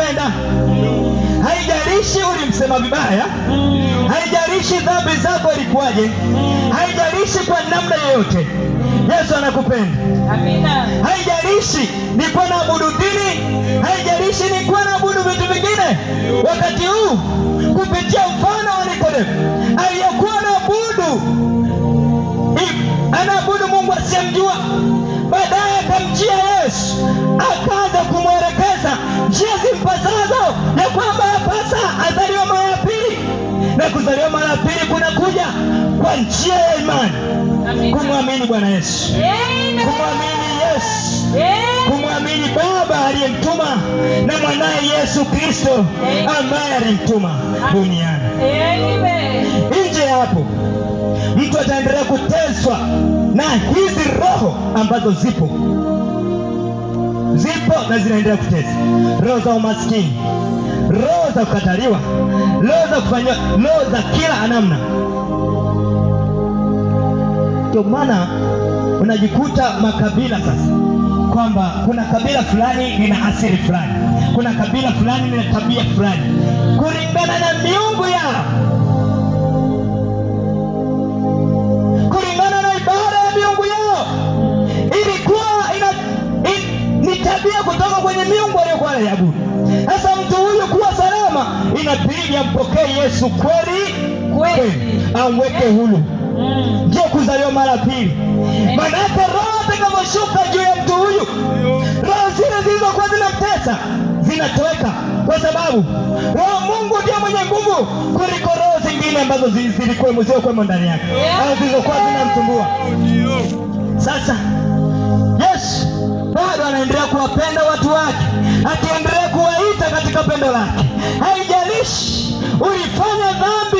kupenda. Haijalishi ulimsema vibaya, haijalishi dhambi zako ilikuwaje, haijalishi kwa namna yoyote, Yesu anakupenda. Amina. Haijalishi nilikuwa naabudu dini, haijalishi na naabudu vitu vingine, wakati huu kupitia mfano wa Nikodemo aliyekuwa anaabudu anaabudu Mungu asiyemjua baada kuzaliwa mara pili kunakuja kwa njia ya imani, kumwamini Bwana Yesu, kumwamini Yesu, kumwamini Baba aliyemtuma na mwanaye Yesu Kristo ambaye alimtuma duniani. Nje hapo mtu ataendelea kuteswa na hizi roho ambazo zipo zipo na zinaendelea kutesa. Roho za umaskini, roho za kukataliwa, roho za kufanywa, roho za kila namna. Ndio maana unajikuta makabila sasa kwamba kuna kabila fulani lina asili fulani, kuna kabila fulani lina tabia fulani, kulingana na miungu yao. inabidi mpokee Yesu kweli kweli, amweke huru. Mm. ndio kuzaliwa mara pili, maanake roho atakaposhuka juu ya mtu huyu, roho zile zilizokuwa zinamtesa zinatoweka, kwa sababu roho Mungu ndiye mwenye nguvu kuliko roho zingine ambazo zilikuwa zilizokuwa ndani yake au zilizokuwa zinamsumbua. Sasa Yesu bado anaendelea kuwapenda watu wake, akiendelea kuwaita katika pendo lake uliishi, ulifanya dhambi